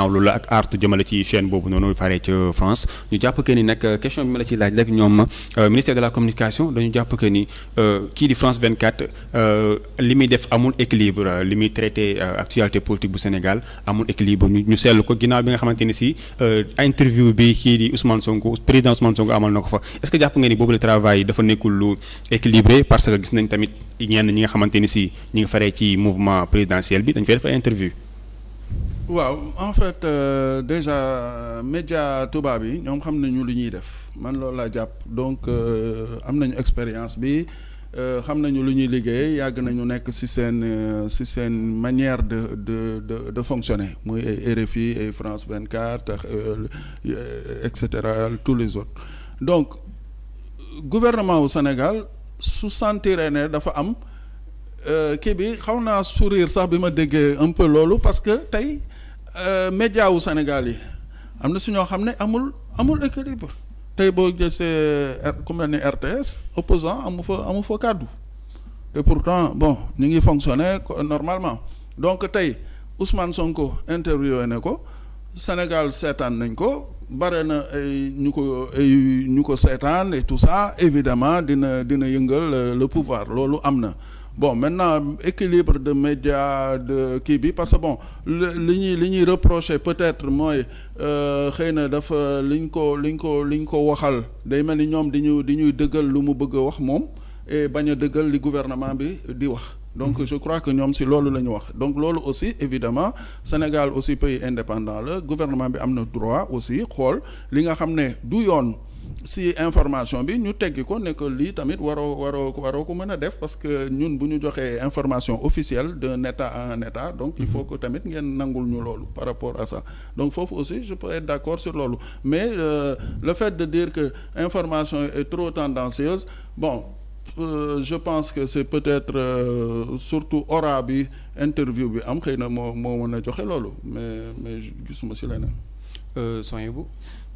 naaw loolu ak artu jëmale ci chaîne boobu noonu faree ci France ñu jàpp que ni nag euh, question bi ma la ciy laaj rek ñoom euh, ministère de la communication dañu jàpp que ni euh, kii di France 24 li muy def amul équilibre li muy traité actualité politique bu Sénégal amul équilibre ñu seel ko ginnaaw bi nga xamante ni si interview bi kii di Ousmane Sonko président Ousmane Sonko amal na ko fa est-ce que jàpp nga ni boobu le travail dafa nekkul lu équilibré parce que gis nañ tamit ñenn ñi nga xamante ni si ñi nga faree ci mouvement présidentiel bi dañu fay def ay waaw en fait euh, déjà média tubaab yi ñoom xam nañu lu ñuy def man loolu laa jàpp donc euh, am nañu expérience bi euh, xam nañu lu ñuy liggéey yàgg nañu nekk ci seen euh, ci seen manière de de de de fonctionner muy ay RFI ay France 24 et cetera tous les autres donc gouvernement wu Sénégal su sentiree ne dafa am kii bi xaw naa sourire sax bi ma déggee un peu loolu parce que tey. Euh, média wu Sénégal yi am na su ñoo xam ne amul amul équilibre tey boo gisee ku mel ni RTS opposant amu fa amu fa kàddu te pourtant bon ñu ngi fonctionner normalement donc tey Ousmane Sonko interviewé ne ko Sénégal seetaan nañ ko bare na ay ñu ko ay ñu ko seetaan et tout ça évidemment dina dina yëngal euh, le pouvoir loolu am na bon maintenant équilibre de média de kii bi parce que bon li ñuy li ñuy reprocher peut-être mooy euh, xëy na dafa liñ ko liñ ko liñ ko waxal day mel ni ñoom di ñu di ñuy dëggal lu mu bëgg a wax moom et bañ a dëggal li gouvernement bi di wax donc je crois que ñoom si loolu la ñu wax donc loolu aussi évidemment Sénégal aussi pays indépendant la gouvernement bi am na droit aussi xool li nga xam ne du yoon si information bi ñu teggi ko ne lii tamit waroo waroo waroo ko mën a def parce que ñun bu ñu joxee information officielle de état en un état donc il faut mhm. que tamit ngeen nangul ñu loolu par rapport à sa donc foofu aussi je peux être d'accord sur loolu mais euh, le fait de dire que information est trop tendancieuse bon Euh, je pense que c'est peut-être euh, surtout aura bi interview bi am xëy na moo moo mën a joxe loolu mais mais gisuma si leneen. Euh, Soyez-vous.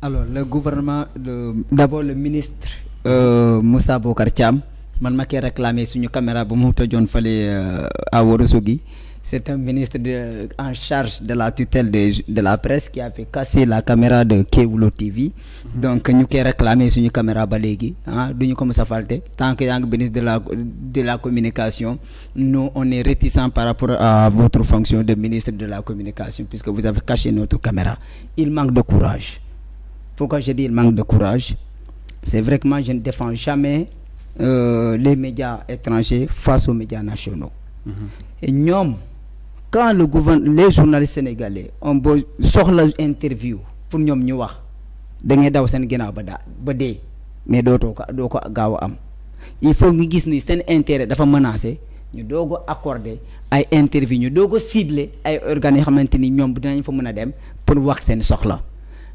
alors le gouvernement le, d'abord le ministre euh, Moussa Bocar Thiam man ma koy réclamer suñu caméra ba mu tëjoon fale euh, à Ourossogui gi C'est un ministre de, en charge de la tutelle de, de la presse qui a fait la caméra de Kewulo TV. donc ñu koy réclamer suñu caméra ba léegi ah du ñu tant que yaa ngi ministre de la de la communication nous on est réticents par rapport à votre fonction de ministre de la communication puisque vous avez caché notre caméra il manque de courage pourquoi je dis il manque de courage c'est vrai que moi je ne défends jamais euh, les médias étrangers face aux médias nationaux mm-hmm. quand le gouvernement les journalistes sénégalais on bo soxla interview pour ñoom ñu wax da ngay daw seen ginnaaw ba daa ba dee mais dootoo ko doo ko gaaw a am il faut nga gis ni seen intéret dafa menacé ñu doog a accordé ay interview ñu doog a ciblé ay organes yoo xamante ni ñoom bu dinañ fa mën a dem pour wax seen soxla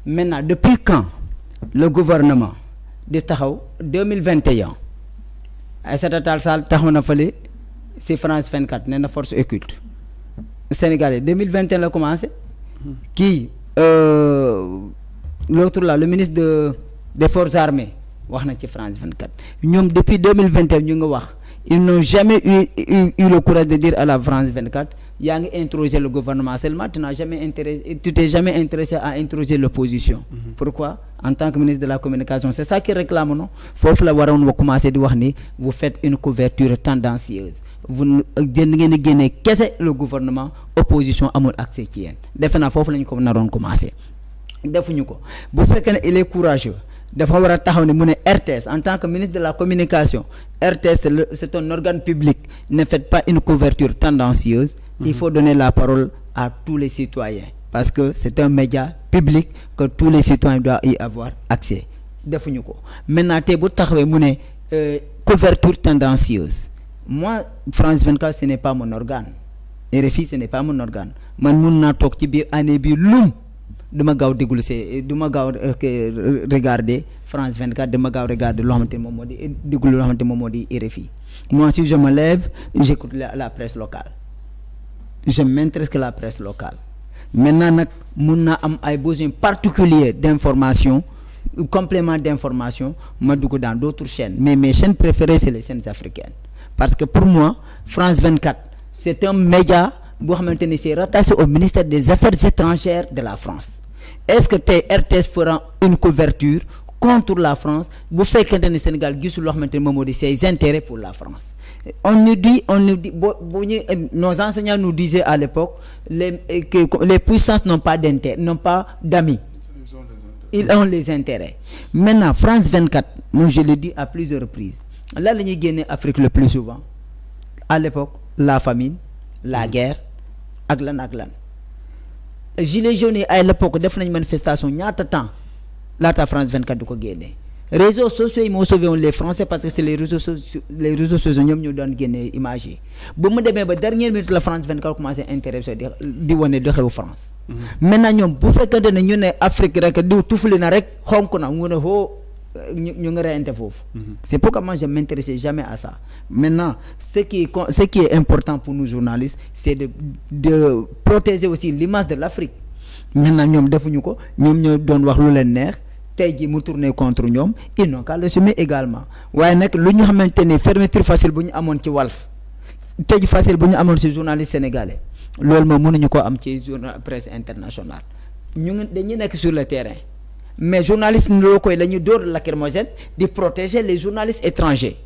maintenant depuis quand le gouvernement di taxaw 2021 Aïssata Tall Sall taxaw na fële si France 24 nee na force occulte sénégalais 2021 la commencé kii euh, l'autre là le ministre de des forces armées wax na ci France 24 ñoom depuis 2021 ñu ngi wax ils n'ont jamais eu, eu, eu le courage de dire à la France 24 yaa ngi interroger le gouvernement seulement tu na jamais intéressé tu t'es jamais intéressé à interroger l'opposition mhm. pourquoi en tant que ministre de la communication c'est ça qui réclame non foofu la waroon wa commencer di wax ni vous faites une couverture tendancieuse vous génn euh, ngeen a génnee kese le gouvernement opposition amul accès ci yéen defe naa foofu la ñu ko naroon commencé defuñu ko bu fekkee ne il est courageux dafa war a taxaw ne mu ne RTS en tant que ministre de la communication RTS c'est un organe public ne faites pas une couverture tendancieuse il mhm. faut donner la parole à tous les citoyens parce que c'est un média public que tous les citoyens doivent y avoir accès defuñu ko maintenant tey bu taxawee mu ne euh, couverture tendancieuse moi France 24 ce n'est pas mon organe RFI ce pas mon organe man mun naa toog ci biir année biir lum duma gaaw déglu see duma gaaw euh, euh, regarder France 24 dama gaaw regarder loo xamante moom moo di déglu loo xamante moom moo di RFI moi si je me lève j'écoute la, la presse locale je m'intéresse que la presse locale maintenant nag mun naa am ay besoin particulier d'information complément d'information ma dugg daan d'autres chaînes mais mes chaînes préférées c'est les chaînes parce que pour moi France 24 c'est un média boo xamante ni c'est rattaché au ministère des affaires étrangères de la France est-ce que tey RTS fera une couverture contre la France bu fekkente ni Sénégal gisul loo xamante ni moom moo di ses intérêts pour la France on nous dit on nous dit boo boo ñu nos enseignants nous disaient à l'époque les que les puissances n'ont pas d'intérêt n'ont pas d'amis ils ont les intérêts maintenant France 24 moi je le dis à plusieurs reprises lan la ñuy génne Afrique le plus souvent à l'époque la famine la mm. guerre ak lan ak lan gilets jaunes yi l'époque def nañ manifestation ñaata temps laata France 24 du ko génne réseaux sociaux yi moo sauvé woon Français parce que c'est les réseaux sociaux les réseaux sociaux ñoom ñoo daan génne image yi ba mu demee ba dernière minute la France 24 commencé intéressé di di wane di xewu France mm. maintenant ñoom bu fekkante ne ñu ne Afrique ñu ñu ngi reyante foofu. Mhm. c'est pourquoi moi je jamais à ça maintenant ce qui est ce qui est important pour nous journalistes c'est de de protéger aussi l'image de l'Afrique maintenant ñoom defuñu ko ñoom ñoo doon wax lu leen neex. tey jii mu tourné contre ñoom ils n'ont qu'à l'assumer également waaye nag lu ñu xamante ne fermeture facile bu ñu amoon ci Walf tëj facile bu ñu amoon ci journaliste sénégalais loolu moom mënuñu ko am ci journal presse internationale le terrain mais journalistes locaux yi la ñuy dóor protéger les journalistes étrangers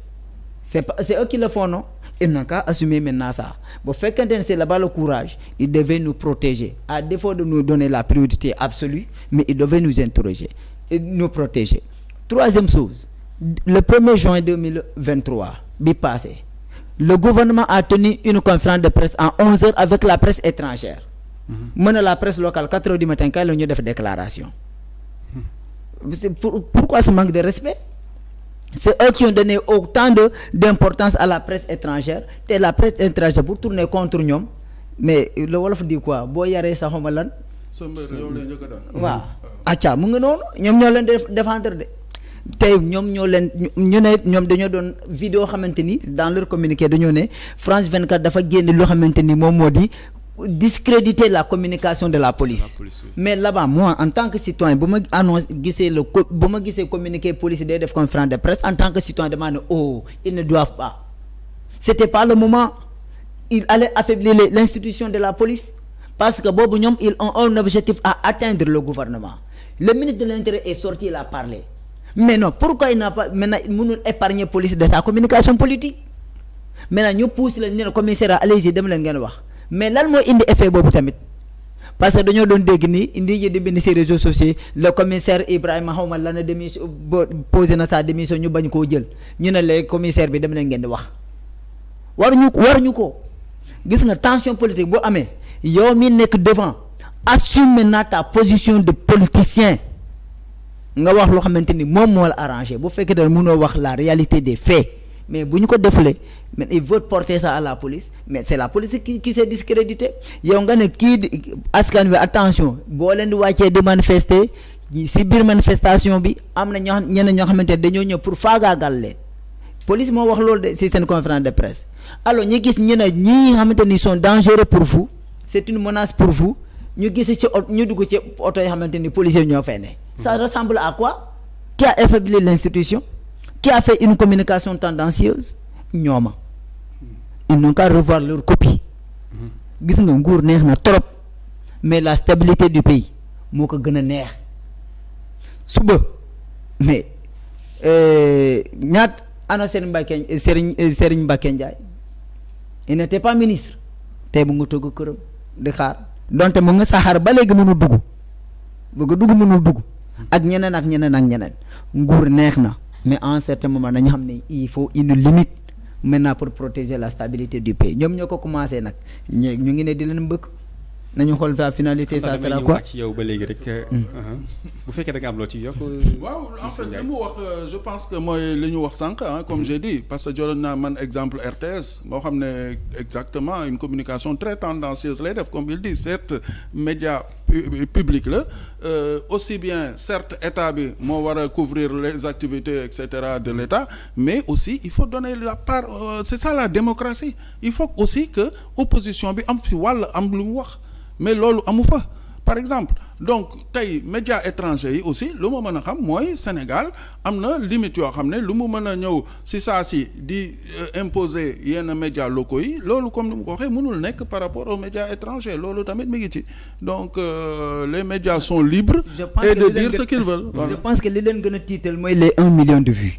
c'est pas c'est eux qui le font non ils n'ont qu'à assumer maintenant ça bu fekkente ne c'est là-bas le courage ils devaient nous protéger à défaut de nous donner la priorité absolue mais ils devaient nous interroger et nous protéger troisième chose le 1er juin 2023 bi passé le gouvernement a tenu une conférence de presse en 11 heures avec la presse étrangère mm-hmm. mën na la presse locale 4 heures du matin kay la def déclaration pour, pourquoi ce manque de respect c'est eux qui ont donné autant de d'importance à la presse étrangère te la presse étrangère pour tourner contre ñoom mais le wolof di quoi boo yaree sa xawma lan waaw mm-hmm. acca ah, mu ngi noonu ñoom ñoo leen def défendre de tey ñoom ñoo leen ñu ne ñoom dañoo doon vidéo xamante ni dans leur communiqué dañoo ne France 24 dafa génne loo xamante ni moom moo di discréditer la communication de la police. mais là-bas moi en tant que citoyen bu ma annonce gisee communiqué police day def conférence de presse en tant que citoyen dama ne oh ils ne doivent pas. c'était pas le moment il allait affaiblir l'institution de la police parce que boobu ñoom ils ont un objectif à atteindre le gouvernement le ministre de l'Intérieur est sorti il a parlé mais non pourquoi il n'a pas maintenant mënul épargner police de sa communication leen ngeen wax. mais lan moo indi effet boobu tamit parce que dañoo doon dégg ni indi yi di bind si réseaux sociaux le commissaire Ibrahima xawma lan la démission posé na sa démission ñu bañ koo jël ñu ne le commissaire bi dem na ngeen di wax war ñu ko gis nga tension politique bu amee yow mi nekk devant assume naa ta position de politicien nga wax loo xamante ni moom moo la arrangé bu fekkee da mënoo wax la réalité des faits mais bu ñu ko defulee mais ils veulent porter ça à la police mais c'est la police qui qui s'est discréditée yow nga ne kii askan wi attention boo leen di wàccee di manifester si biir manifestation bi am na ñoo ñeneen ñoo xamante ne dañoo ñëw pour faagaagal leen police moo wax loolu de si seen conférence de presse alors ñu gis ñu ne ñii xamante ni sont pour vous c'est une menace pour vous ñu gis ci oto ñu dugg ci oto yoo xamante ni policiers ñoo fay ne. ça ressemble à quoi qui a qui a une communication tendancieuse ñooma ils n'ont qu'à revoir leur copie gis nga nguur neex na trop mais la stabilité du pays moo ko gën a neex suba mais euh, ñaat ana Serigne Mbacké Serigne euh, Serigne Mbacké Ndiaye il te pas ministre tey mu nga togg këram di xaar donte mu nga saxaar ba léegi mënu dugg bëgg dugg mënul dugg ak ñeneen ak ñeneen ak ñeneen nguur neex na mais en un certain moment nañu xam ne il faut une limite maintenant pour protéger la stabilité du pays ñoom ñoo ko commencé nag ñu ngi ne di leen mbëkk nañu xool la finalité ça sera quoi ci yow ba léegi rek. Euh, hmm. uh-huh. bu fekkee da nga ci yokk. waaw en fait li mu wax euh, je pense que mooy li ñu wax sànq ah comme hmm. j'ai dit parce que jëloon naa man exemple RTS moo xam ne exactement une communication très tendancieuse lay def comme il dit certes média public la euh, aussi bien certes état bi moo war a couvrir les activités et cetera de hmm. l'État mais aussi il faut donner la part c'est ça la démocratie il faut aussi que opposition bi am fi wàll am lu mu wax. mais loolu amu fa par exemple donc tey médias étrangers yi aussi lu ma mën a xam mooy Sénégal am na limite yoo xam ne lu mu mën a ñëw si saa si di euh, imposer yenn médias locaux yi loolu comme ni mu ko waxee mënul nekk par rapport aux médias étrangers loolu tamit mi ngi ci donc euh, les médias sont libres et de dire ce qu'ils veulent je pense que li leen gën a tiitel mooy les un million de vues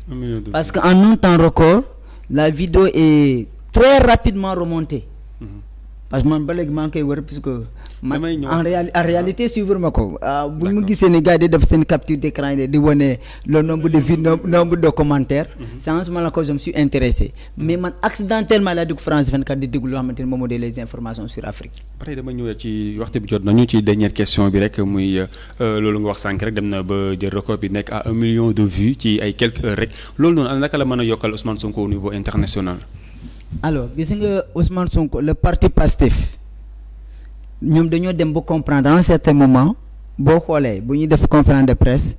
parce que en un temps record la vidéo est très rapidement remontée mm-hmm. parce que man ba léegi maa koy wër parce que. man en réalité suivre ma ko. Ah, bu ñu gisee ni gars yi def seen capture d'écran yi di wane le nombre de vues nombre de commentaires. sans ma la ko je me suis intéressé. mais man accidentellement laa dugg France 24 di déglu loo xamante ni moom moo di les informations sur Afrique. ba tey dama ñëwee ci waxtu bi jot nañu ci dernière question bi rek muy euh, loolu nga wax sànq rek dem na ba jël record bi nekk à un million loolu noonu la mën a yokkal Ousmane Sonko au niveau international. alors gis nga Ousmane Sonko le parti Pastef ñoom dañoo dem ba comprendre un certain moment boo xoolee bu ñuy def conférence de presse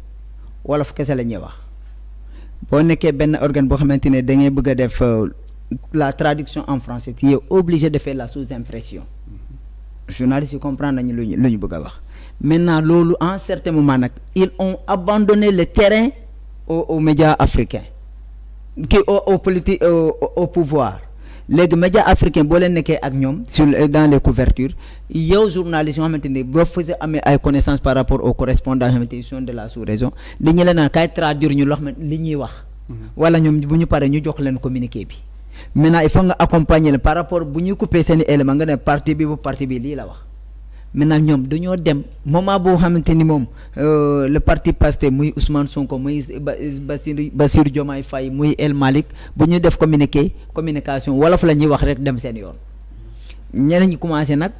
fu kese la ñuy wax boo nekkee benn organe boo xamante ne da ngay bëgg a def euh, la traduction en français tu es obligé de faire la sous-impression journalistes yi comprendre nañu lu ñu lu ñu bëgg a wax maintenant loolu à un certain moment nag ils ont abandonné le terrain aux aux médias africains qui au au politique au pouvoir. léegi média africain boo leen nekkee ak ñoom sur euh, dans les couvertures yow journaliste yoo xamante ni boo fas amee ay connaissance par rapport aux correspondants yoo xamante ni sont de la sous-région dañu leen naan kay traduire ñu loo xam ne li ñuy wax mhm. wala ñoom bu ñu paree ñu jox leen communiqué bi maintenant il faut nga accompagner leen par rapport bu ñuy couper seen i élément nga ne parti bi bu parti bi lii la wax maintenant ñoom dañoo dem moment boo xamante ni moom euh, le parti Pastef muy Ousmane Sonko muy Bassirou basir Diomaye fay muy El Malick bu ñuy def communiqué communication wolof la ñuy wax rek dem seen yoon ñeneen ñi commencé nag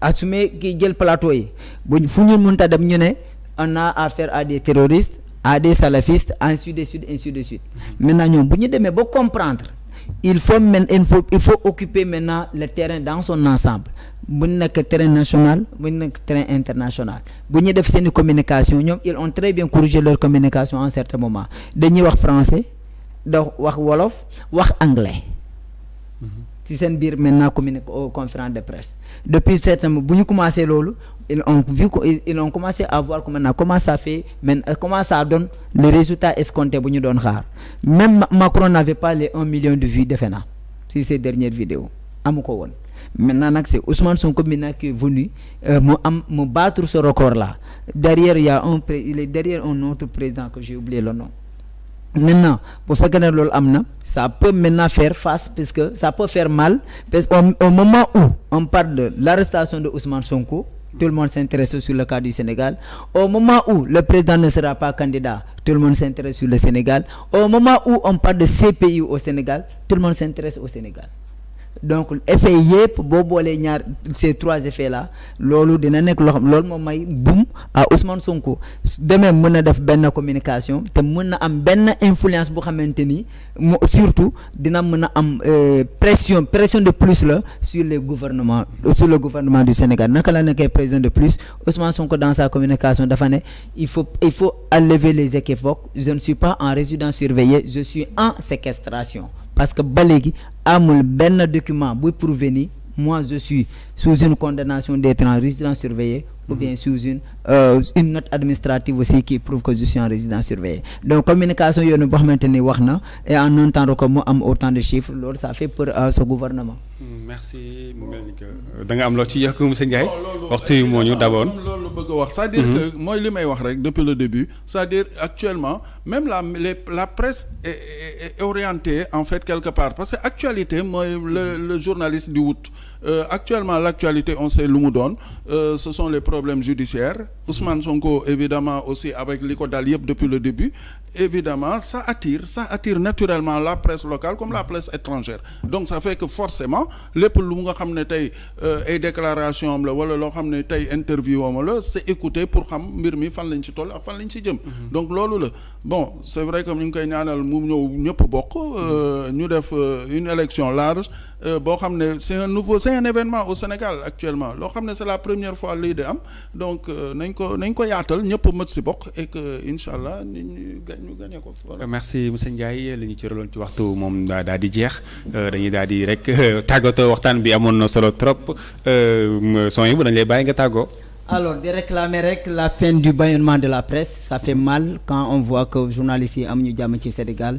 assumer kii jël plateau yi buñ fu ñu mënta dem ñu ne on a affaire à des terroristes à des salafistes ainsi de suite ainsi de suite maintenant ñoom bu ñu demee ba comprendre il faut men il faut il faut occuper maintenant le terrain dans son ensemble mën nekk terrain national mën nekk terrain international bu ñu def seeni communication ñoom ils ont très bien corrigé leur communication en certain moment dañuy wax français da wax wolof wax anglais ci seen biir maintenant communique aux conférences de presse depuis certain bu ñu commencé loolu ils ont vu ils commencé à voir maintenant comment ça fait mais euh, comment ça donne le résultat escompté bu ñu doon xaar même Macron n'avait pas les un million de vues defe na sur ses dernières amu ko woon maintenant nag c'est Ousmane Sonko maintenant qui est venu euh, mu am mu battre ce record là derrière il y a un pré il est derrière un autre président que j'ai oublié le nom maintenant bu fekkee ne loolu am na sa peut maintenant faire face parce que ça peut faire mal parce que au moment où on parle de l'arrestation de Ousmane Sonko tout le monde s'intéresse sur le cas du Sénégal. Au moment où le président ne sera pas candidat, tout le monde s'intéresse sur le Sénégal. Au moment où on parle de au Sénégal, tout le au Sénégal. donc effet yëpp boo boolee ñaar ces trois effets la loolu dina nekk loo loolu moo may boum à Ousmane Sonko demee mën na def benn communication te mën na am benn influence bu xamante ni mo surtout dina mën a am euh, pression pression de plus la sur les gouvernement sur le gouvernement du Sénégal naka la nekkee président de plus Ousmane Sonko dans sa communication dafa ne il faut il faut lever les équivoques je ne suis pas en résident surveillée je suis en séquestration parce que ba léegi amul benn document buy prouver ni moi je suis sous une condamnation des temps résidence surveillée ou bien sous une euh, une note administrative aussi ni wax na et en même temps que mu am autant de hmm, euh, am loo ci yokk monsieur Ndiaye. waxtu yi moo ñu wax. c'est-à-dire hmm. que mooy li may wax rek depuis le début. c'est-à-dire actuellement même la les, la presse est, orientée en fait quelque part parce que actualité mooy le le journaliste di wut euh, actuellement l'actualité on sait lu mu doon euh, ce sont les problème judiciaire Ousmane Sonko évidemment aussi avec li ko dal yëpp depuis le début évidemment ça attire ça attire naturellement la presse locale comme la presse étrangère donc ça fait que forcément lépp lu nga xam ne tey euh, ay déclaration am la wala loo xam ne tey interview am la c'est écouté pour xam mbir mi fan lañ ci toll ak fan lañ ci jëm mhm. donc loolu la bon c'est vrai que ñu ngi koy ñaanal mu ñëw ñëpp bokk euh, ñu def euh, une élection large Euh, boo xam ne c'est un nouveau c'est un événement au Sénégal actuellement loo xam ne c'est la première fois lii de am donc euh, nañ ko nañ ko yaatal ñëpp mët si bokk et que incha allah ñu ñu gagné ko. voilà euh, merci monsieur Ndiaye li ñu cëraloon ci waxtu moom daal di jeex dañuy daal di rek tàggatoo waxtaan bi amoon na solo trop son yi bu dañ lay bàyyi nga tàggoo. alors di réclamer rek la fin du bâillonnement de la presse ça fait mal quand on voit que journalistes yi am ñu jàmm ci Sénégal.